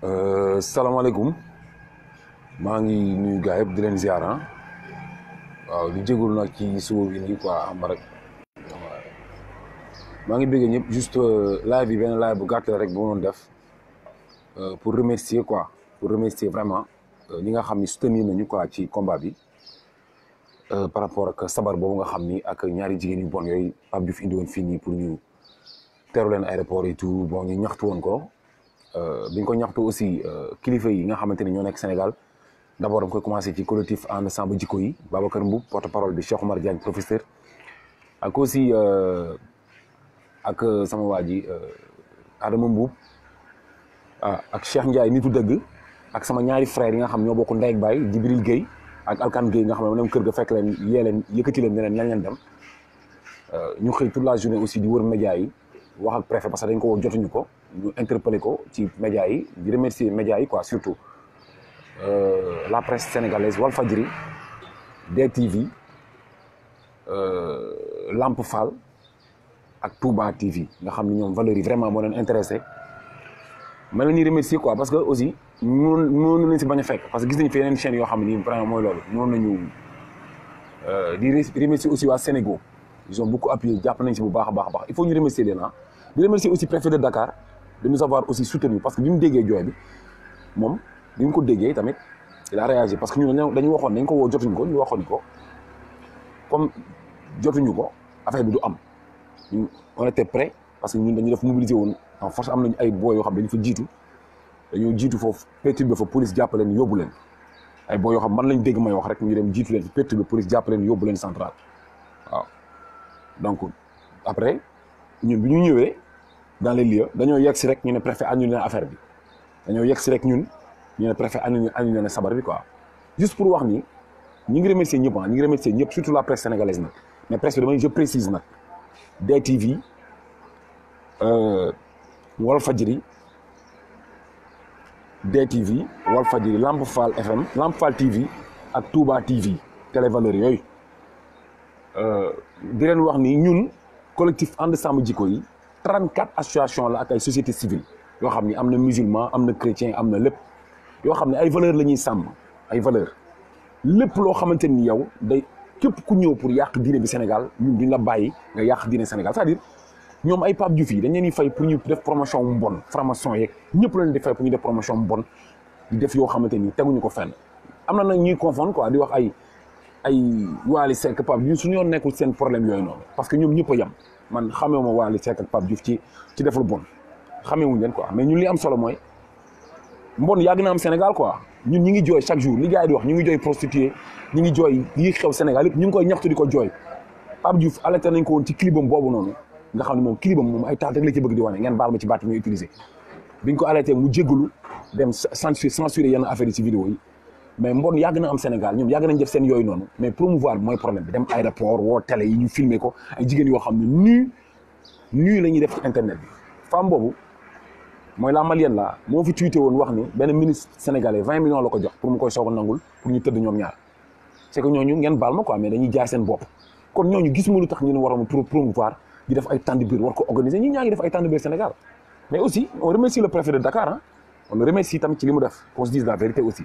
Euh, salaamaaleykum maa ngi nuyu gaa yëpp di leen ziar ah. waaw di jégalu nag ci suba bi nii quoi am rek maa ngi bëgg ñëpp juste euh, live bi benn live bu gàtt rek bu ma doon def euh, pour remercier quoi pour remercier vraiment ñi nga xam ni soutenir nañu quoi ci combat bi par rapport ak sabar boobu nga xam ni ak ñaari jigéen yu bon yooyu Pape Diouf fi nii pour ñu teru leen aéroport et tout bon ñu ñaxtu woon ko. Euh, bi ñu ko ñaxtu aussi euh kilifa yi nga xamanteni ni ñoo nekk Sénégal d'abord abord dañ koy commencé ci collectif en ensemble jikko yi Babacar Mbou porte parole bi Cheikh Omar Diagne professeur ak aussi euh ak euh, sama waa euh Adama Mbou ah ak Cheikh Ndiaye nitu deug ak sama ñaari frère yi nga xam ñoo bokku ndey ak baay Jibril Guèye ak Alkane Guèye nga xam ne kër ga fekk leen yee leen yëkkati leen ne leen nañ leen dem euh, ñu xëy toute la journée aussi di wër média yi wax ak préfet parce que dañ ko woo jotuñu ko. Nous interpellé les médias Je di remercier médias quoi surtout euh, la presse sénégalaise Walfadjri DTV euh, Lamp Fall ak Touba TV nga avons vraiment moo intéressé ma leen remercie remercier quoi parce que aussi nous mënoon nañu si parce que gis avons fi une chaîne, nous avons ne une chaîne. Nous loolu euh, di aussi à Sénégal ils ont beaucoup appuyé ils ont si bu il faut nous remercier les gens. Ah. di remercier aussi préfet de Dakar de nous avoir aussi soutenus parce que nous dégué joy bi ko il a réagi parce que nous dañu waxoon dañ ko woo jotuñu ko ñu ko comme ko affaire du am on était prêt parce que ñun dañu def mobiliser en force am nañ ay boy yo xam dañu fa dañu jitu fofu les fa police jàppale leen nous. ay dit yo xam man lañ dégg may wax rek ñu dem police centrale donc après ñun bi ñu dans les lieux nous avons rek ñu préfet annulé l'affaire affaire bi Juste pour préfet juste pour wax ni ñu ah, surtout la presse sénégalaise mais presque je précise TV, DTV TV, DTV Lamp FM Lamp TV ak Touba TV télé valeur euh, di collectif 34 associations la société civile yo xamni amna musulman amna chrétien ay valeur lañuy sam ay valeur que lo xamanteni yow day kep ku pour Sénégal ñun duñ la ont nga Sénégal c'est-à-dire ñom ay Pape ils dañ leen fay pour ñu def promotion bonne, formation ont ñepp lañ di fay pour ñu def promotion mu ils di def ni ñuko fenn ont nak ñuy confondre quoi di wax ay ay wali ils Pape des suñu nekkul sen problème yoy non. parce que ñom ñepp des man xamewuma Wally Seck ak Pape Diouf ci ci def lu bon xamewuñ leen quoi mais ñun li am solo mooy mbon yàgg na am Sénégal quoi ñun ñi ngi jooy chaque jour li gars yi di wax ñu ngi jooy prostituée ñi ngi jooy yi xew Sénégal yëpp ñu ngi koy ñaxtu di ko jooy Pape Diouf alerté nañ ko woon ci clipam boobu noonu nga xam ne moom clipam moom ay taal rek la ci bëgg di wane ngeen baal ma ci baat mi utiliser biñ ko alerté mu jégalu dem censuré censuré yenn affaire yi ci vidéo mais mbon yàgg na am Sénégal ñoom yàgg nañ def sen yoy non mais promouvoir moy problème bi dem aéroport woo télé yi ñu filmer ko ay jigen yo xam ne nu nu la def ci internet bi fam bobu moy la malienne la moo fi tweeté won wax ni ben ministre sénégalais 20 millions lako jox pour mu koy soog nangul pour ñu teud ñom ñaar c'est que ñoñu ngeen baal ma quoi mais dañuy jaay sen bop kon ñoñu gis ma lu tax ñu ne waroon promouvoir di def ay tànd biir war ko organiser ñi ñangi def ay tànd biir Sénégal mais aussi on remercie le préfet de Dakar hein on le remercie tam ci limu def qu'on se dise la vérité aussi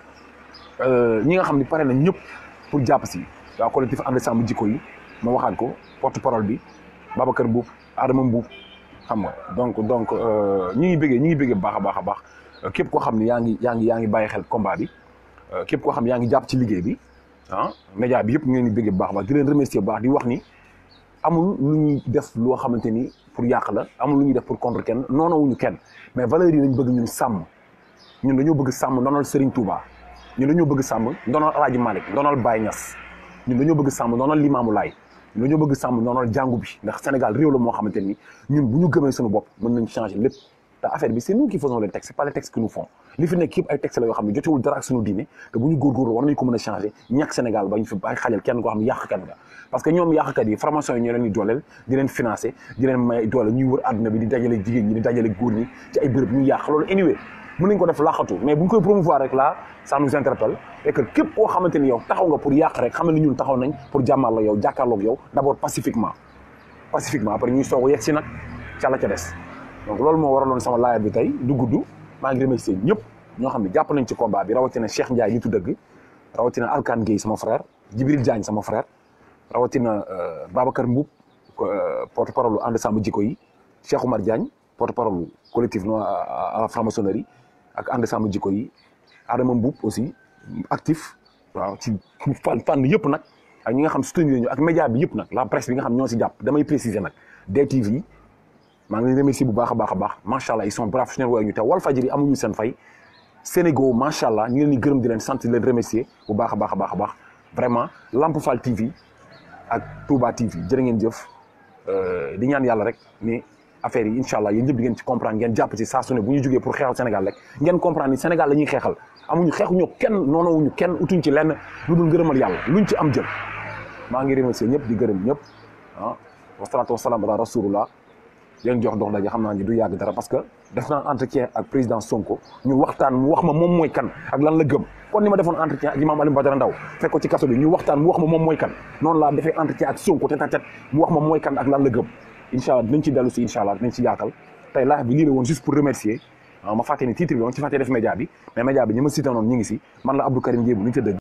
Euh, ñi nga xam ne pare nañ ñëpp pour jàpp si waa collectif And Samm Jikko yi ma waxaat ko porte parole bi Babacar Mbuub Adama Mbuub xam nga donc donc euh, ñi ngi béggee ñi ngi bëggee baax a baax a baax képp koo xam ne yaa ngi yaa ngi yaa ngi bàyyi xel combat bi euh, képp koo xam ne yaa ngi jàpp ci liggéey bi ah média bi yëpp ngeen di bëggee bu baax a baax di leen remercier baax di wax ni amul lu ñu def loo xamante ni pour yàq la amul lu ñu def pour contre kenn ñu kenn mais valeurs yi bëgg ñun sàmm ñun dañoo bëgg sàmm noonal Serigne Touba ñu dañoo bëgg sam ndonal alaaji malik ndonal Baye Niass ñun dañoo bëgg sam ndonal limam lay ñu dañoo bëgg sam ndonal jàngu bi ndax Sénégal réew la moo xamante ñun buñu ñu gëmee suñu bopp mën nañ changer lépp ta affaire bi c'est nous qui faisons les textes c'est pas les textes qui nous font li fi nekk yëpp ay textes la yoo xam ne jotewul dara ak suñu diine te bu ñu góorgóorlu war nañu ko mën a changer ñàkk Sénégal ba ñu fi bàyyi xajal kenn koo xam ne yàqkat nga parce que ñoom yàqkat yi formation yi ñoo leen di dooleel di leen financer di leen may doole ñuy wër àdduna bi di dajale jigéen ñi di dajale góor ñi ci ay béréb ñuy yàq loolu anyway mën nañ ko def laxatu mais buñ koy promouvoir rek là ça nous interpelle et que képp koo xamante ni yow taxaw nga pour yàq rek xamal ni ñun taxaw nañ pour jàmmal la yow jàkkaarloog yow d' abord pacifiquement pacifiquement après ñuy soog yegg si nag ca la ca des donc loolu moo waraloon sama laaya bi tey du gudd maa ngi remercier ñëpp ñoo xam ne jàpp nañ ci combat bi rawatina Cheikh Ndiaye nitu dëgg rawatina Alkane Gueye sama frère Djibril Diagne sama frère rawatina euh, Babacar Mboup euh, porte parole lu ànd sàmm jikko yi Cheikh Oumar Diagne porte parole collectif non à la franc-maçonnerie ak ande sàmm jiko yi Adama Mboup aussi actif waaw ci fan fan yep nak ak ñi nga xam soutenir ñu ak media bi yep nak la presse bi nga xam ñoo si japp damay préciser nak, DTV ma ngi leen remercier bu baaxa a baax a baax allah ils sont braves su ñu woowee ñu te Walfadjri amuñu sen fay Sénégal macha allah ñu leen di gërëm di leen sant di leen remercier bu baaxa a baaxa baax vraiment Lamp fal TV ak Touba TV jërë ngeen jëf euh, di ñaan yalla rek ni affaire yi inshallah yeen yéen di ngeen ci comprendre ngeen japp ci sa su buñu joggé pour xéxal Sénégal rek ngeen comprendre ni Sénégal lañuy xéxal amuñu amuñu xeexuñu kenn nono wuñu kenn utuñ ci lenn lu dul gëreemal yalla luñ ci am jël ma ngi remercier ñëpp di gëreem ñëpp ah, wa salatu wassalamu ala rasulullah yeen jox dox daje xamna ni du yag dara parce que def na entretien ak président Sonko ñu waxtaan mu wax ma mom moy kan ak lan la gëm kon ni ma defoon entretien ak imam Alioune Badara ndaw fekk ko ci kasso bi ñu waxtaan mu wax ma mom moy kan non la defé entretien ak Sonko tête à tête mu wax ma moy kan ak lan la gëm incha allah ci dellu ci incha allah ci jaatal tay live bi lii la juste pour remercier ah, ma fàtte ni titre bi ma ci fàtte def média bi mais média bi ñi ma cité non ñu ngi si man la Abdou Karim Diébu ñu